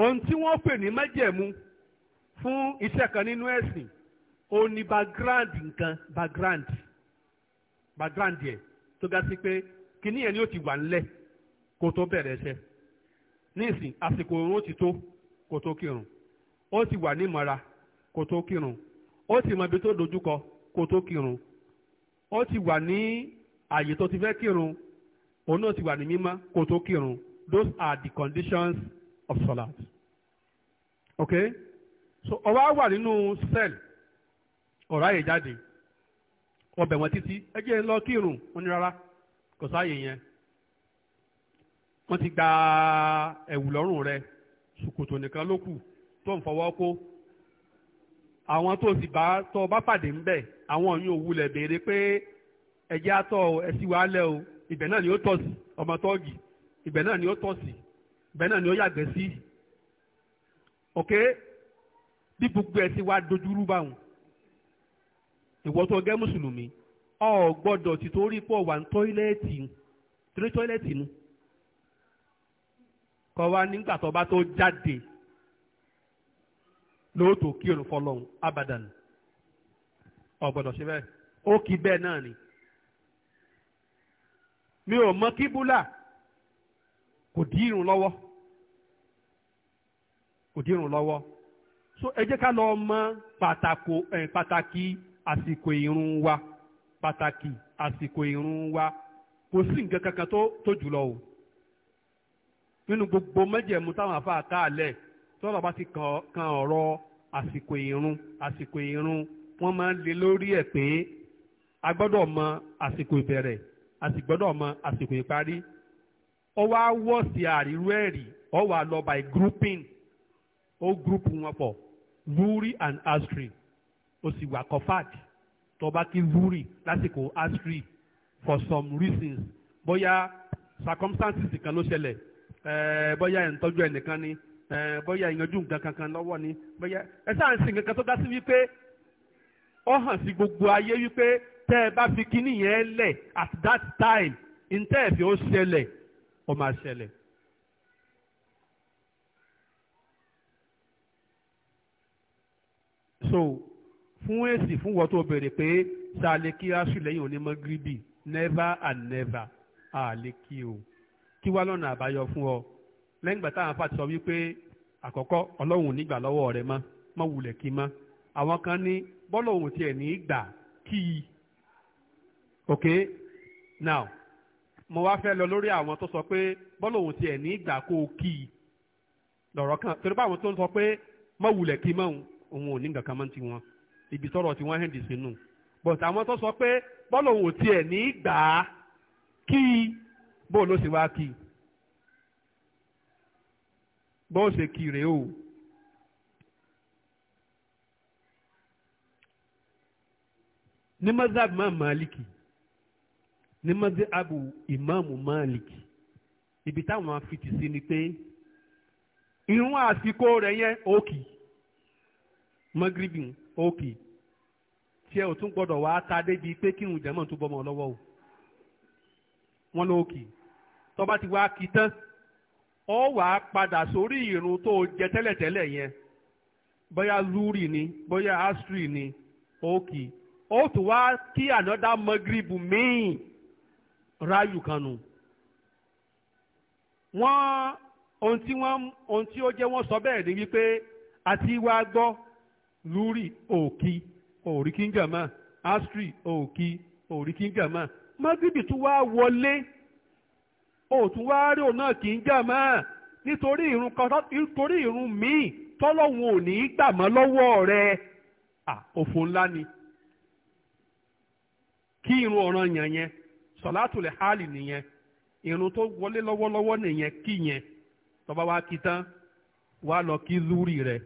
ohun tí wọ́n pè ní májẹ̀mú fún iṣẹ́ kan nínú ẹ̀sìn ó ní background nǹkan background background yẹ tó ga sí pé kíní yẹn ni ó ti wà ńlẹ̀ kó tó bẹ̀rẹ̀ iṣẹ́ nísìn àsìkò òun ó ti tó kó tó kírun ó ti wà nímọ̀ra kó tó kírun ó ti mọ ibi tó dojúkọ kó tó kírun ó ti wà ní àyè tó ti fẹ́ kírun òun náà ti wà ní mímọ́ kó tó kírun those are the conditions of salat okay so ọwọ́ wà nínú cell ọ̀rọ̀ àyè jáde ọbẹ̀ wọn títí ẹ jẹ́ lọ kírun wọn ní rárá kò sáàyè yẹn wọ́n ti gba ẹ̀wù lọ́rùn rẹ̀ ṣòkòtò nìkan ló kù tó ń fọwọ́ kó àwọn tó sì bá tọ́ bá pàdé ńbẹ̀ àwọn yóò wulẹ̀ béèrè pé ẹ̀jẹ̀ àtọ̀ ẹ̀sìn wàá o ibẹ̀ náà ni ó tọ̀ sí ọmọ tọ́ọ̀gì ibẹ̀ náà ni ó tọ̀ sí bẹ́ẹ̀ náà ni ó yàgbẹ́ sí ok bí gbogbo ẹ̀ sì wá dojúrú báwọn ìwọ tó gẹ́ mùsùlùmí ọ gbọ́dọ̀ ti torí pọ̀ wà ní tọ́ílẹ̀tì torí tọ́ílẹ̀tì nu kọ́ wa nígbà tó bá tó jáde lóòótọ́ kírun fọlọ́hún abadan ọ gbọ́dọ̀ ṣe bẹ́ẹ̀ ó kí bẹ́ẹ̀ náà ni mi ò mọ kíbúlà kò dí irun lọ́wọ́ kò dí irun lọ́wọ́ so ẹ jẹ́ ká lọ mọ pàtàkó ẹ̀ pàtàkì àsìkò irun wa pàtàkì àsìkò irun wa kò sí nǹkan kankan tó tó jùlọ o nínú gbogbo mẹ́jẹ̀mú táwọn afáà káàlẹ̀ tọ́lọ̀ bá ti kan ọ̀rọ̀ àsìkò irun àsìkò irun wọ́n máa ń lé lórí ẹ̀ pé a gbọ́dọ̀ mọ àsìkò ìbẹ̀rẹ̀ a sì gbọ́dọ̀ mọ àsìkò ìparí ó wá wọ́ọ̀sì àrírú ẹ̀rí ó wà lọ by grouping ó group wọn pọ̀ lúrí and astri ó sì wà kọfàt tó bá kí lúrí lásìkò astri for some reasons bóyá circumstances kan ló ṣẹlẹ̀ ẹ̀ẹ́ eh, bóyá ẹ̀ ń tọ́jú ẹnìkan ni ẹ̀ẹ́ eh, bóyá ìyanjú nǹkan kankan lọ́wọ́ ni bóyá ẹ sáà ń sìn kankan tó dá sí wípé ó hàn sí gbogbo ayé wípé tẹ́ ẹ bá fi kíní yẹn lẹ̀ at that time ntẹ́ ẹ̀fẹ́ ó ṣẹlẹ̀ ó máa so fún èsì fún wọ́n tó béèrè pé sáà lè kí aṣù lẹ́yìn onímọ̀ never and never a lè kí o kí wá lọ́nà àbáyọ fún ọ lẹ́yìn ìgbà táwọn afáàtì sọ wípé àkọ́kọ́ ọlọ́run nígbà lọ́wọ́ rẹ mọ́ mọ́ wulẹ̀ kí mọ́ àwọn kan ní bọ́lọ̀ òun tiẹ̀ ní gbà kí i ok now mo wá fẹ́ lọ lórí àwọn tó sọ pé bọ́ọ̀lù ti tiẹ̀ ní ìgbà kó o kì kan torí pé tó ń sọ pé mọ̀ kí mọ̀ òun ti wọn ibi tọrọ tí wọ́n hẹ́ndì sínú bọ̀t àwọn tó sọ pé bọ́ọ̀lù òun tiẹ̀ ní ìgbà kí i bó ló ṣe wá bó ṣe o. ní mọ́sáàbù máa ní mọ́sí abu ìmáàmù Malik ibi táwọn afiti sí ni pé irun àsìkò rẹ̀ yẹn òkì mọ́gírìbì òkì tí ẹ ò tún gbọ́dọ̀ wá ta débi pé kírun jẹ́mọ̀ tó bọ́mọ lọ́wọ́ o wọ́n lóòkì tó bá ti wá kí tán ọ wàá padà sórí irun tó jẹ tẹ́lẹ̀tẹ́lẹ̀ yẹn bóyá lúrì ni bóyá asri ni òkì ó tún wá kí ànádá mọ́gírìbù míì rayu kanu nù ohun tí wọ́n ohun tí ó jẹ́ wọ́n sọ bẹ́ẹ̀ ni wípé àti wá gbọ́ lúrì òkì òrí kíngàmá astri òkì òrí kíngàmá mọ́gìbì tún wá wọlé òtún wá rí òun náà kíngàmá nítorí ìrun kan nítorí ìrun míì tọ́lọ́hun ò ní í gbà mọ́ lọ́wọ́ rẹ òfò ńlá ni kí ọ̀ràn yẹn sọ̀látùlẹ̀ hálì nìyẹn irun tó wọlé lọ́wọ́lọ́wọ́ nìyẹn kí yẹn tó bá wá kí tán wá lọ kí lúrì rẹ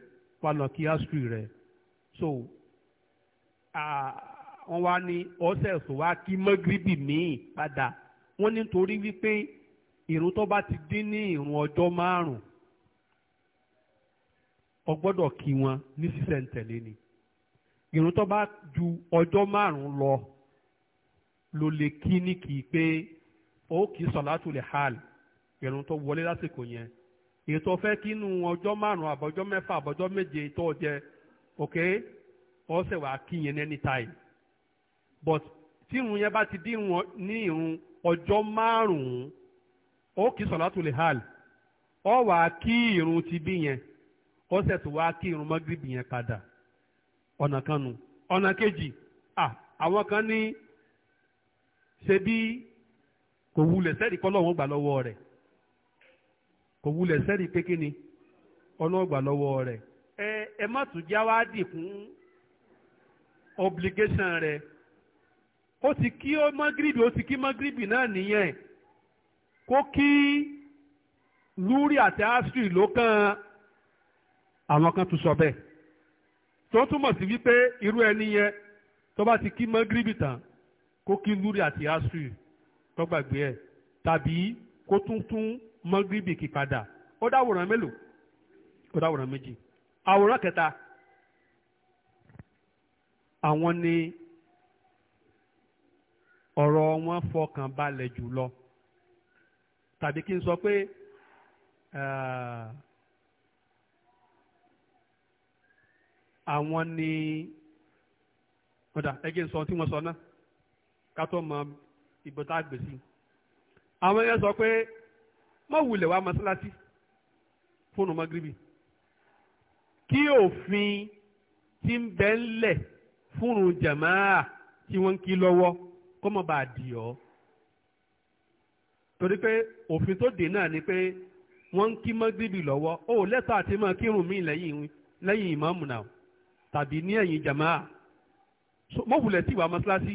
wá lọ kí asri rẹ so wọ́n wá ní ọ̀sẹ̀ tó wá kí mọ́gíríbì míì padà wọ́n ní torí wípé irun tó bá ti dín ní irun ọjọ́ márùn-ún kí wọn ní sísẹ̀ntẹ̀lé ni irun tó bá ju ọjọ́ márùn lọ ló lè kí ní kì í pé ó kì í sọ̀látù lè hàl ìrun tó wọlé lásìkò yẹn ètò ọ̀fẹ́ kínú ọjọ́ márùn-ún àbọ̀jọ́ mẹ́fà àbọ̀jọ́ méje tó jẹ ok ọ̀sẹ̀ wàá kí yẹn anytime but tí irun yẹn bá ti dín ní irun ọjọ́ márùn-ún ó kì í sọ̀látù lè hàl ọ wàá kí irun ti bí yẹn ọ̀sẹ̀ tó wàá kí irun mọ́gìrìbì yẹn padà ọ̀nà kan nù ọ̀nà kejì àwọn kan ní. ṣe bí kò wulẹ̀ sẹ́ẹ̀rì kọ́ lọ́wọ́ gbà lọ́wọ́ rẹ̀ kò wulẹ̀ sẹ́ẹ̀rì pé kí ni ọlọ́wọ́ gbà lọ́wọ́ rẹ̀ ẹ ẹ má tún já wá dì fún obligation rẹ̀ ó ti kí ó gribi ó ti kí gribi náà nìyẹn kó kí lúrí àti asiri ló kàn àwọn kan tún sọ bẹ́ẹ̀ tó túmọ̀ sí wípé irú ẹni yẹn tó bá ti kí mọ́gírìbì tán kó kí lúrí àti asui tó gbàgbé ẹ̀ tàbí kó tún tún mọ́gíríbì kí padà ó dáwòrán mélòó ó dáwòrán méjì àwòrán kẹta àwọn ni ọ̀rọ̀ wọn fọkàn balẹ̀ jùlọ tàbí kí n sọ pé eh, àwọn ni ọ̀dà ẹgbẹ́ sọ tí wọ́n sọ náà ká tó mọ ìgbọ́tà gbèsè àwọn èèyàn sọ pé má wulẹ̀ wá mọ́sálásí fóònù magribi kí òfin tí ń bẹ ńlẹ̀ fúnnu jàmáà tí wọ́n ń kí lọ́wọ́ kó má bàa dì ọ́ torí pé òfin tó dè náà ni pé wọ́n ń kí magribi lọ́wọ́ ó lẹ́tọ̀ àti máa kírun mí lẹ́yìn lẹ́yìn ìmáàmù náà tàbí ní ẹ̀yìn jàmáà mọ̀wùlẹ̀ tí wàá mọ́sálásí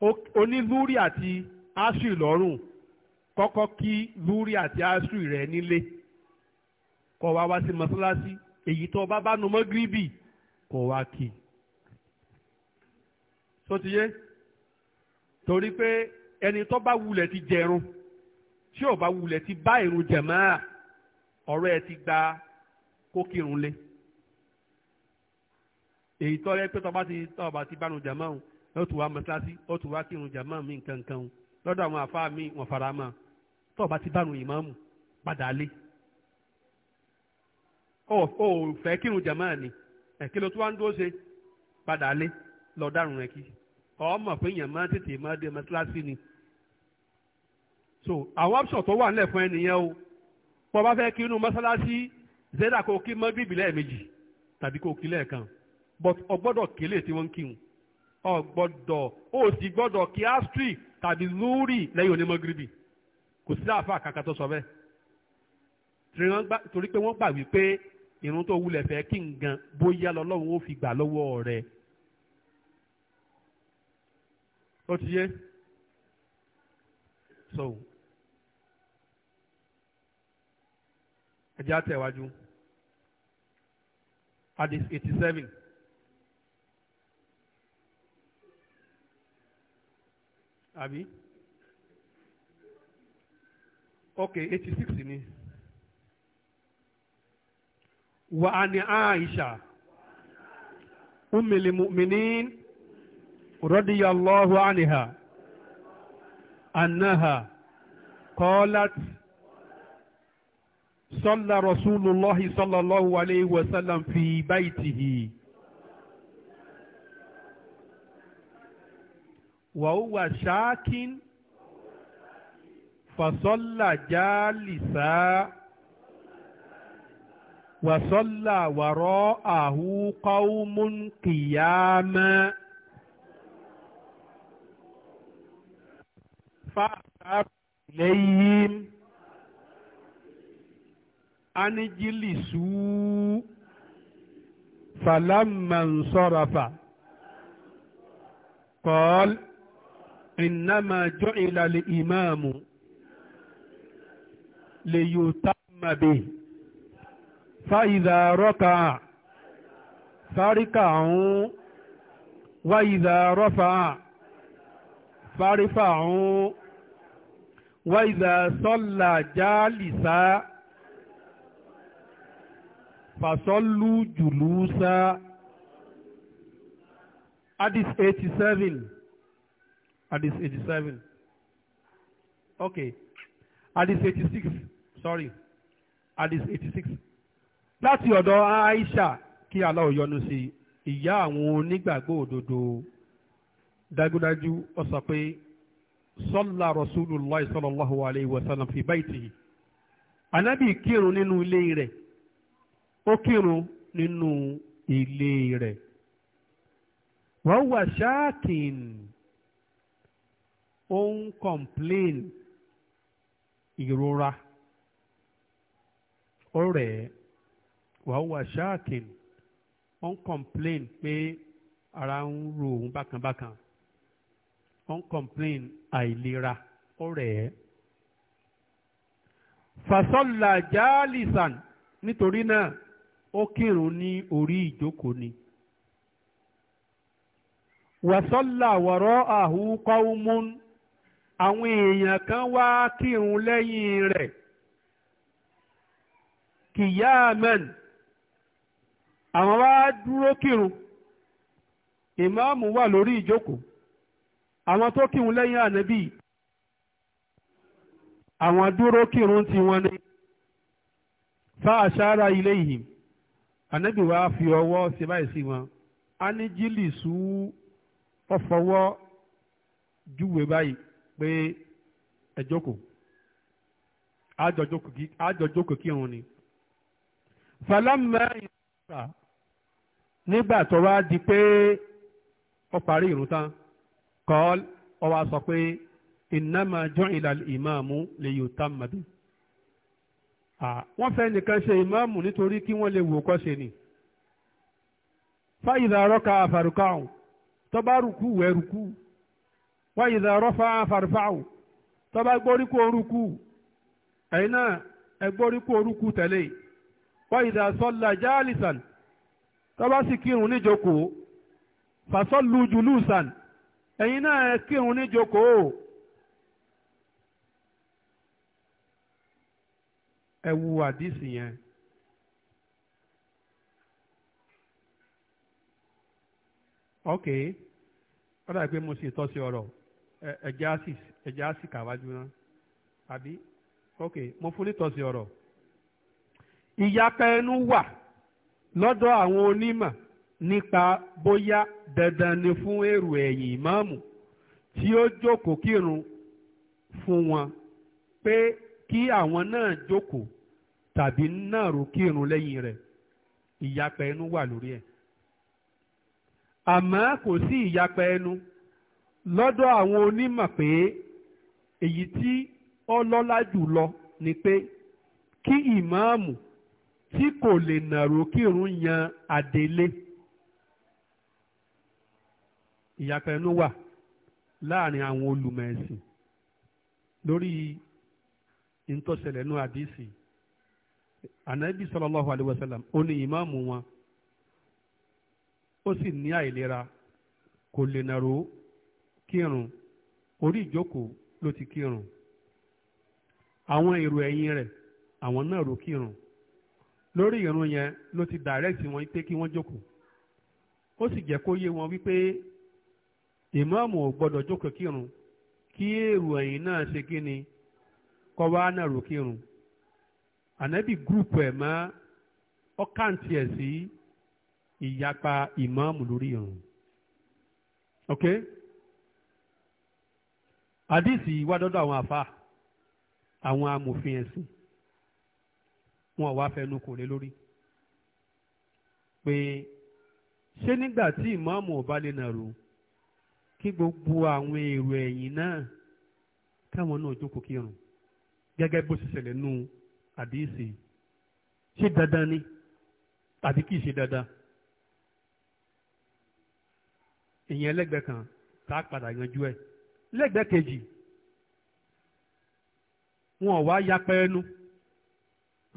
oní lúrí àti asiri lọ́rùn kọ́kọ́ kí lúrí àti asiri rẹ̀ nílé kọ́ wa wá sí mọ́sálásí èyí tó bá bá nu mọ́gíríbì kọ́ wa kì í. tó ti yé torí pé ẹni tó bá wulẹ̀ ti jẹrun tí ò bá wulẹ̀ ti bá irun jẹ̀máà ọ̀rọ̀ ẹ ti gba kó kírun lé èyí tó yẹ pé tó ti tó ti bá nu jẹ̀máà ó tún wá mọ́sálásí ó tún wá kírun jàmá mi nkankan lọ́dọ̀ àwọn àfáà mi wọ́n fara mọ́ tó o bá ti bánu ìmáàmù padà lé ó ò fẹ́ kírun jàmá ni ẹ̀kí ló tún wá ń dúró ṣe padà lé lọ rẹ̀ kí ọmọ pé èèyàn máa tètè máa dé mọ́sálásí ni so àwọn option tó wà nílẹ̀ fún ẹnìyẹn o bó bá fẹ́ kí inú mọ́sálásí zeda kó kí mọ́ bíbí lẹ́ẹ̀mejì tàbí kó kí lẹ́ẹ̀kan but ọgbọ́dọ̀ kélé tí wọ́n ń kírun ò gbọ́dọ̀ ó sì gbọ́dọ̀ kí astri tàbí lúrì lẹ́yìn onímọ̀gìrìbì kò sí àáfà kankan tó sọ bẹ́ẹ̀ torí pé wọ́n gbà wípé irun tó wulẹ̀ fẹ́ kí n gan bóyá lọ́lọ́run ó fi gbà lọ́wọ́ rẹ̀ ó ti yé so ẹjẹ́ àtẹ̀wájú hadith eighty seven. àbí ok eighty six ni wa ani aisha umil mu'minin radiyallahu anha annaha qalat صلى رسول الله صلى الله عليه وسلم في بيته wàhùwà ṣáàkín fàṣọ́là jálìsá wàṣọ́là wàrọ́ àhúkọ́wùmún kìyàmẹ́. fàṣà lẹ́yìn anijilisu falamansorafa قال إنما جعل الإمام ليتم به فإذا ركع فاركعوا وإذا رفع فارفعوا وإذا صلى جالسا فصلوا جلوسا Hadith 87 At hadith 87 okay at hadith 86 sorry at hadith 86 láti ọ̀dọ̀ Aisha kí aláwọ̀ yọ́nú sí ìyá àwọn onígbàgbọ́ òdodo dájúdájú ó sọ pé sọ́lá rasulullah sallallahu alayhi wa sallam fi baitihi anábì kírun nínú ilé rẹ̀ ó kírun nínú ilé rẹ̀ wọ́n wà ṣáàkìn ó ń complain ìrora ọ̀rẹ́ wàá wà ṣáàkìn ó ń complain pé ara ń ro òun bákanbákan ó ń complain àìlera ọ̀rẹ́ fasọ́là jálìsàn nítorí náà ó kírun ní orí ìjókòó ni wàsọ́là wọ̀rọ̀ àhú kọ́wúmún àwọn èèyàn kan wá kírun lẹ́yìn rẹ̀ kìyàmẹ́n àwọn wá dúró kírun ìmáàmù wà lórí ìjókòó àwọn tó kírun lẹ́yìn ànábì àwọn dúró kírun tí wọ́n ní fa àṣàrà ilé yìí ànábì wá fi ọwọ́ sí báyìí sí wọn a ní jílì sú ọfọwọ́ júwe báyìí pé ẹ jókòó àjọ jókòó kí òun ni. falamma ìsúra nígbà tó wá di pé ó parí ìrun tán kọ́ ọ wá sọ pé innama ju'ila al-imamu liyutamma bi. wọ́n fẹ́ nìkan ṣe ìmáàmù nítorí kí wọ́n lè wò kọ́ ṣe ni. fa idha raka'a faruka'u tó bá rùkú wẹ̀ rùkú wá ìdá rọ́fà fàrfàù tó bá gbóríkù orúkú ẹ̀yin náà ẹ gbóríkù orúkú tẹ̀lé wá ìdá sọ́lá jáàlìsàn tó bá sì kírun níjókòó fàsọ́lù jùlùsàn ẹ̀yin náà ẹ kírun níjókòó. ẹ wu àdìsí yẹn. ok ọ̀dà pé mo sì tọ́ sí ọ̀rọ̀. ẹja sì ẹja kàwájú náà ok mo fún nítòsí ọ̀rọ̀ ìyapa ẹnu wà lọ́dọ̀ àwọn onímọ̀ nípa bóyá dandan ni fún èrò ẹ̀yìn ìmáàmù tí ó jókòó kírun fún wọn pé kí àwọn náà jókòó tàbí nàró kírun lẹ́yìn rẹ̀ ìyapa ẹnu wà lórí ẹ̀ àmọ́ kò lọ́dọ̀ àwọn onímọ̀ pé èyí tí ó lọ́lá jùlọ ni pé kí ìmáàmù tí kò lè nàró kírun yan àdélé ìyàpẹ̀nu wà láàrin àwọn olùmẹ̀sìn lórí ìtọ́sẹ̀lẹ̀ nù àdìsí ànábì sallallahu alayhi wa ó ní ìmáàmù wọn ó sì ní àìlera kò lè nàró kírun orí ìjókòó ló ti kírun àwọn èrò ẹ̀yìn rẹ̀ àwọn náà rò kírun lórí ìrun yẹn ló ti wọn pé kí wọ́n jókòó ó sì jẹ́ kó yé wọn wípé ìmáàmù ò gbọ́dọ̀ jókòó kírun kí èrò ẹ̀yìn náà ṣe kí ni kọ́ wá náà kírun ànábì gúrùpù ẹ̀ mọ́ ọ́kàǹtì ẹ̀ sí ìyapa lórí ìrun àdìsí wá dọ́dọ̀ àwọn àfa àwọn amòfin ẹ̀sìn wọn wá fẹnu kò lé lórí pé ṣé nígbà tí ìmáàmù ọba lè nàró kí gbogbo àwọn èrò ẹ̀yìn náà káwọn náà jókòó kírun gẹ́gẹ́ bó ṣe ṣẹlẹ̀ nù àdìsí ṣé dandan ni àbí kìí ṣe dandan ìyẹn ẹlẹ́gbẹ̀ẹ́ kan tá a padà yanjú ẹ̀ lẹ́gbẹ̀ẹ́ kejì wọn ò wá yapa ẹnu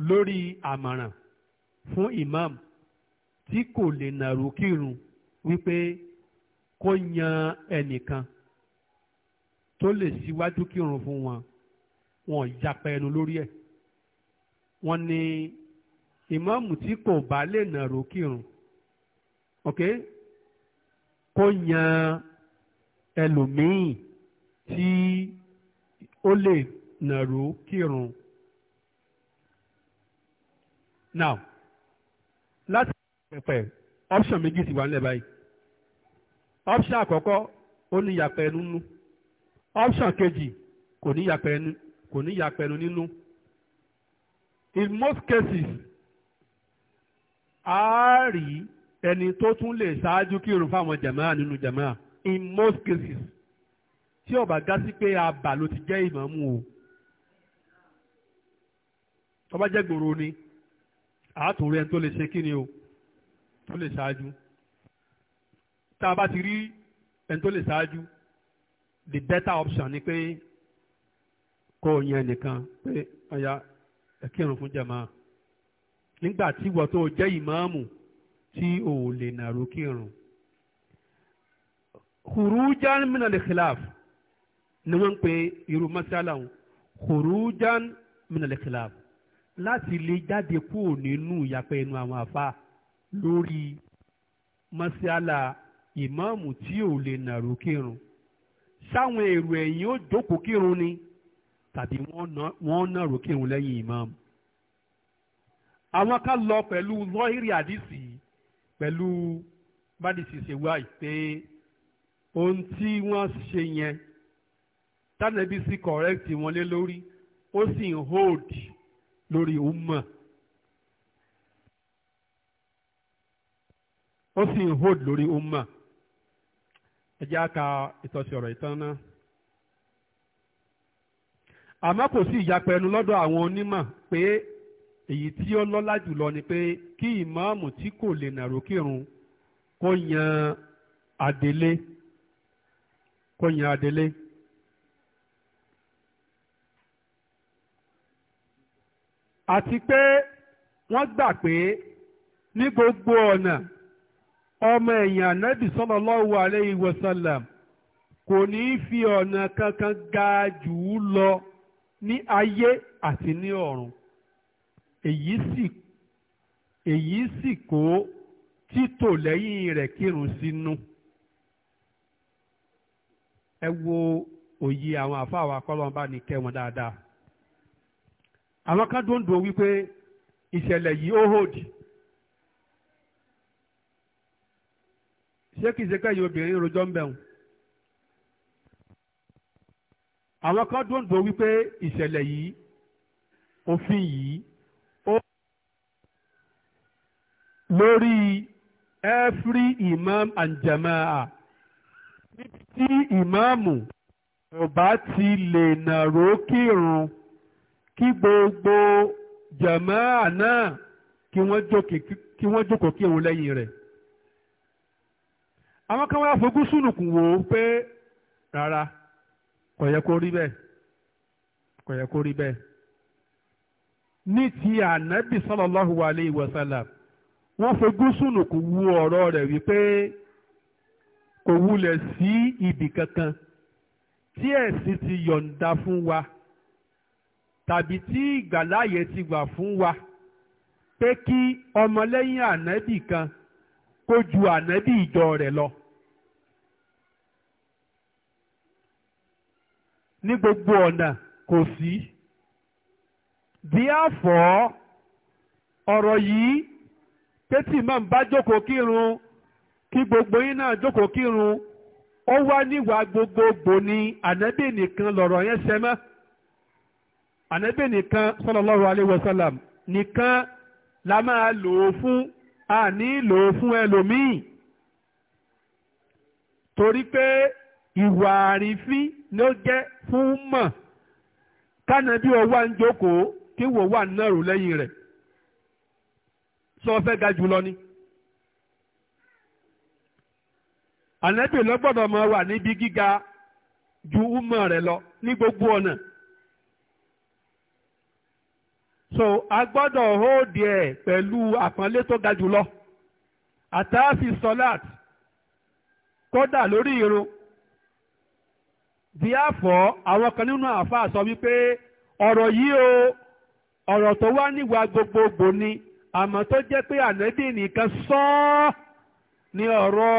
lórí àmọ̀ràn fún imam tí kò lè nàró kírun wípé kó yan ẹnìkan tó lè síwájú kírun fún wọn wọn ò ẹnu lórí ẹ̀ wọ́n ní imam tí kò bá lè nàró kírun ok kó yan ẹlòmíì tí ó lè nàró kírun. now láti pẹ̀pẹ̀ option méjì ti wà nílẹ̀ báyìí option àkọ́kọ́ ó ní ìyàpẹ̀ nínú option kejì kò ní ìyàpẹ̀ ẹnu nínú in most cases a rí ẹni tó tún lè ṣáájú kírun fáwọn jàmáà nínú jàmáà in most cases tí ó bá ga sí pé abà ló ti jẹ́ ìmọ̀mú o tó bá jẹ́ gbòòrò ni àátòrí ẹni tó lè ṣe kíni o tó lè ṣáájú tá a bá ti rí ẹni tó lè ṣáájú the better option ni pé kó o yan ẹnìkan pé ọ̀ya ẹ̀kírun fún jàmáà nígbà tí ìwọ tó jẹ́ ìmọ̀ọ́mù tí o ò lè nàró kírun. kùrú jáàmínà lè khilaf ni wọ́n ń pe irú masala wọn kòrújan minalekilaab láti lè jáde kúrò nínú ìyapẹ́ ẹnu àwọn afa lórí masala ìmáàmù tí ò lè nàró kírun sáwọn èrò ẹ̀yìn ó jókòó kírun ni tàbí wọ́n nàró kírun lẹ́yìn ìmáàmù àwọn ká lọ pẹ̀lú lọ́hìrì àdìsí pẹ̀lú bádìsí ṣe wáyé pé ohun tí wọ́n ṣe yẹn tánàbí si correct wọn lé lórí ó sì ń hold lórí umma ó sì ń hold lórí umma ẹ jẹ́ ká ìtọ́sí ọ̀rọ̀ ìtàn náà àmọ́ kò sí ìyapẹ̀ lọ́dọ̀ àwọn onímọ̀ pé èyí tí ó ni pé kí tí kò lè nàró kírun kó yan àti pé wọ́n gbà pé ní gbogbo ọ̀nà ọmọ ẹ̀yìn ànábì sallallahu kò ní í fi ọ̀nà kankan ga jù lọ ní àti ní èyí sì èyí sì lẹ́yìn rẹ̀ kírun sínú àwọn kan dòǹdò wípé ìṣẹ̀lẹ̀ yìí ó hòdì ṣé kìí ṣe kẹ́yìn obìnrin rojọ́ ń bẹ̀rù àwọn kan dòǹdò wípé ìṣẹ̀lẹ̀ yìí òfin yìí ó lórí every imam and jama'a níbi tí ìmáàmù ò bá ti lè nàró kírun kí gbogbo jàmáà náà kí wọ́n jókòó kí òun lẹ́yìn rẹ̀ àwọn kan wá fojú súnùkùn wò ó pé rárá kò yẹ kó rí bẹ́ẹ̀ kò yẹ kó rí bẹ́ẹ̀ ní ti ànábì sallallahu alayhi wa sallam wọ́n fojú súnùkùn wò ọ̀rọ̀ rẹ̀ wípé kò wulẹ̀ sí ibì kankan tí ẹ̀sìn ti yọ̀ǹda fún wa tàbí tí ìgbàláyè ti wà fún wa pé kí ọmọlẹ́yìn ànábì kan kó ju ànábì ìjọ rẹ̀ lọ. ní gbogbo ọ̀nà kò sí. Therefore, ọ̀rọ̀ yìí tẹ́tí máa ń bá jókòó kírun kí gbogbo yín náà jókòó kírun ó wá níwà gbogbogbò ni ànábì nìkan lọ̀rọ̀ yẹn ṣe mọ́. ànábì nìkan sallallahu alayhi wa nìkan la máa lò ó fún a ní lò ó fún ẹlòmíì torí pé ìwà àrífín ló jẹ́ fún mọ̀ kánàbí ọwọ́ à ń jókòó kí wò wà náà rò lẹ́yìn rẹ̀ sọ fẹ́ ga jùlọ ni. ànábì ló máa wà níbi gíga ju úmọ̀ rẹ̀ lọ ní gbogbo ọ̀nà. so a gbọ́dọ̀ hóòdì ẹ̀ pẹ̀lú àpọ́nlé tó ga jùlọ àtàáfi sọláàt kódà lórí irun àwọn kan nínú àáfàá sọ wípé ọ̀rọ̀ yìí o ọ̀rọ̀ tó wá níwà gbogbogbò ni àmọ́ tó jẹ́ pé ànábì nìkan sọ ni ọ̀rọ̀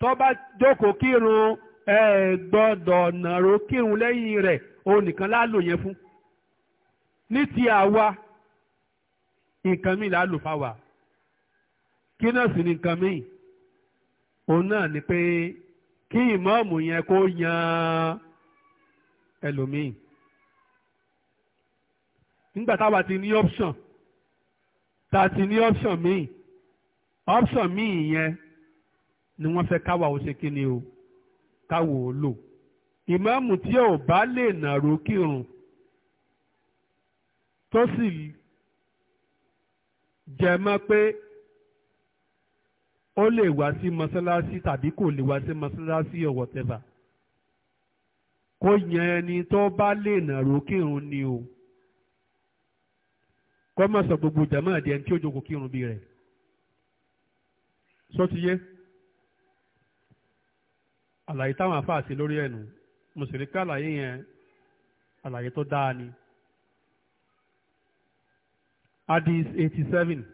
tó bá jókòó kírun ẹ nàró kírun lẹ́yìn rẹ̀ o nìkan lálò yẹn fún. ní ti àwa nǹkan míì là á lò fáwa kí náà sì ni nǹkan míì òun náà ni pé kí ìmọ̀ọ́mù yẹn kó yan ẹlòmíì nígbà táwa ti ní option tá a ti ní option míì option míì yẹn ni wọ́n fẹ́ káwa ó ṣe kí ni o káwo ó lò ìmọ̀ọ́mù tí ò bá lè nàró kírun tó sì jẹ mọ́ pé ó lè wá sí mọ́sálásí tàbí kò lè wá sí mọ́sálásí or whatever kó yan ẹni tó bá lè nàró kírun ni o kọ́ mọ̀ sọ gbogbo jàmọ́ àdé ẹni tí ó jókòó kírun bí rẹ̀ sọ́tiyé àlàyé táwọn afáàsì lórí ẹ̀nu mo sì rí àlàyé yẹn àlàyé tó dáa ni hadith eighty seven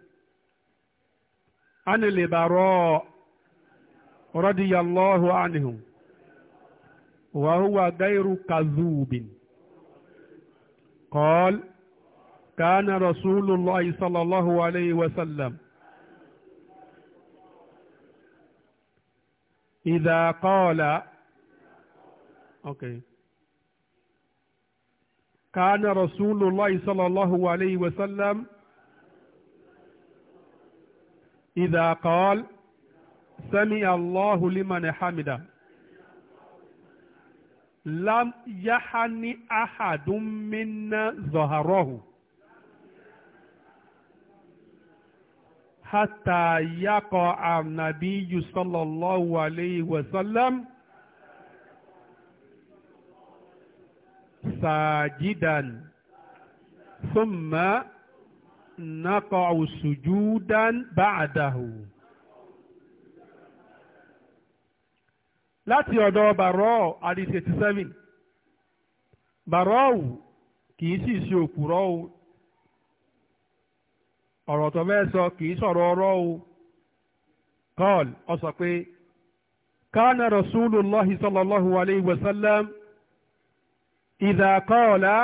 عن البراء رضي الله عنه وهو غير كذوب قال كان رسول الله صلى الله عليه وسلم إذا قال أوكي كان رسول الله صلى الله عليه وسلم إذا قال سمع الله لمن حمده لم يحن أحد منا ظهره حتى يقع النبي صلى الله عليه وسلم ساجدا ثم نقع سجودا بعده láti ọ̀dọ̀ bàrọ́ àdìs 87 bàrọ́ù kìí sì ṣe òkúrọ́ o ọ̀rọ̀ tó fẹ́ sọ kìí sọ̀rọ̀ ọ̀rọ̀ o kọ́ọ̀l ó sọ pé kánà rasulullahi sallallahu alayhi wa sallam idha qala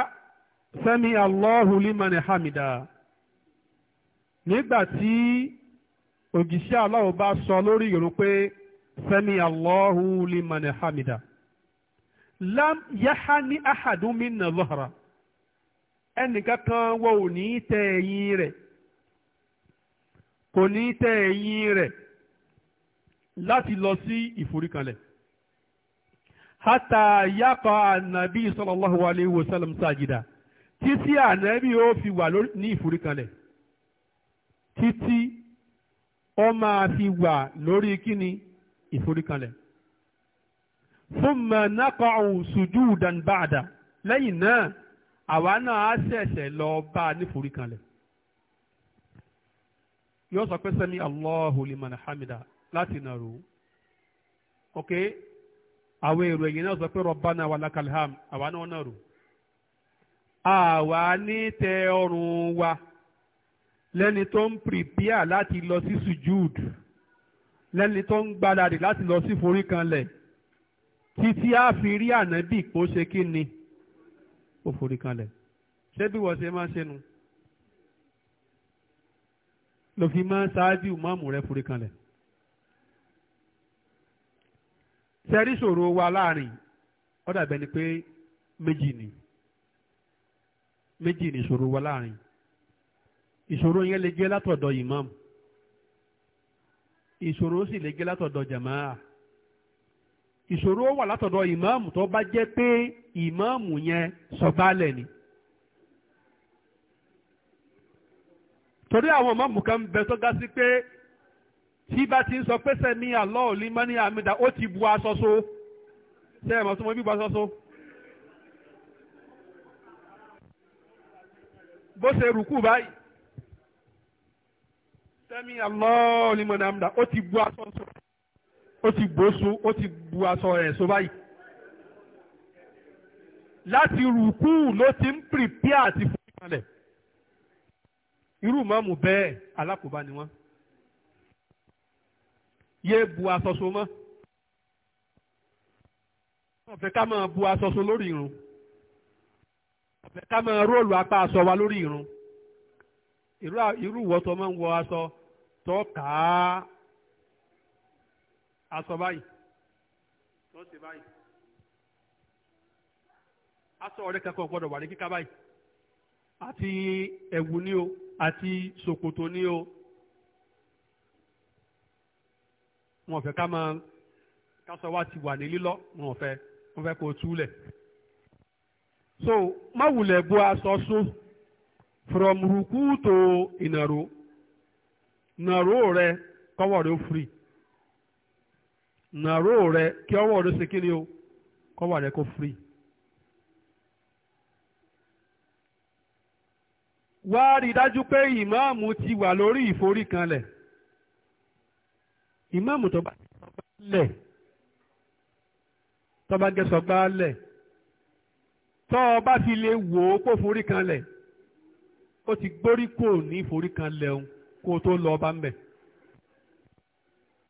sami allahu liman hamida nígbà tí òjìṣẹ́ Allahu bá sọ lórí ìrun pé sami Allahu liman hamida lam yahani ahadun minna zahra ẹnìkankan wọ ò ní tẹ ẹ̀yìn rẹ̀ kò ní tẹ ẹ̀yìn rẹ̀ láti lọ sí ìforíkanlẹ̀ hata yaqa anabi sallallahu alayhi wa sallam sajida títí anabi ó fi wà ní ìforíkanlẹ̀. títí ó máa fi wà lórí kíni ìforíkanlẹ̀ thumma naqa'u sujudan ba'da lẹ́yìn náà àwa náà á ṣẹ̀ṣẹ̀ lọ bá a níforíkanlẹ̀ yóò sọ pé sami Allahu liman hamida láti nàró ok àwọn èrò ẹ̀yìn náà sọ pé Rabbana walakal ham àwa náà nàró àwa ní tẹ ọrùn wa. lẹ́ni tó ń pìrìpíà láti lọ sí sujud lẹ́ni tó ń gbáradì láti lọ sí foríkanlẹ̀ títí a fi rí ànábì kó ṣe kí ni ó foríkanlẹ̀ ṣé bí wọ́n ṣe máa ṣe nu ló fi máa ṣáájú mọ́ọ̀mù rẹ foríkanlẹ̀ sẹ́rí ṣòro wa láàrin ó dàbẹ́ ni pé méjì ni méjì ni ṣòro wa láàrin ìṣòro yẹn lè jẹ́ látọ̀dọ̀ imam ìṣòro sì lè jẹ́ látọ̀dọ̀ jamaa ìṣòro wà látọ̀dọ̀ imam tó bá jẹ́ pé imam yẹn sọ̀gbálẹ̀ ni. torí àwọn imam kan bẹ tó ga sí pé tí bá ti ń sọ pé sẹ́mi àlọ́ òní mọ́ ní àmìdá ó ti bu aṣọ so sẹ́yìn mọ́ tó mọ́ bí bu aṣọ so. bó ṣe rùkú báyìí sami Allahu liman hamda ó ti bu aṣọ so ó ti bò so ó ti bu aṣọ rẹ̀ so báyìí láti rùkú ló ti ń pìrìpíà àti fún ìmọ̀lẹ̀ irú mọ́mù bẹ́ẹ̀ alákòóbá ni wọ́n yé bu aṣọ so mọ́ ọ̀fẹ́ ká máa bu aṣọ so lórí irun ọ̀fẹ́ ká máa róòlù apá aṣọ wa lórí irun irú ìwọ máa ń wọ aṣọ tó kà á aṣọ báyìí tó ṣe báyìí aṣọ ọ̀rẹ́ kankan gbọ́dọ̀ wà ní kíkà báyìí àti ẹ̀wù ni o àti ṣòkòtò ni o wọn fẹ́ ká máa kásọ wa ti wà ní lílọ wọn fẹ́ wọn fẹ́ kó o túlẹ̀ so má wulẹ̀ bu aṣọ sún from ruku to ìnàró. nàró rẹ kọ́wọ́ rẹ o fri nàró rẹ kí ọwọ́ rẹ ṣe kíni o kọ́wọ́ rẹ kó free. wá rí dájú pé ìmáàmù ti wà lórí ìforíkanlẹ̀ ìmáàmù tó bá lẹ̀ tó bá gẹ̀ sọ́gbà lẹ̀ tó bá fi lè wò ó kó forí kanlẹ̀ ó ti gbórí kò ní forí kanlẹ̀ kó o tó lọ bá ń bẹ̀.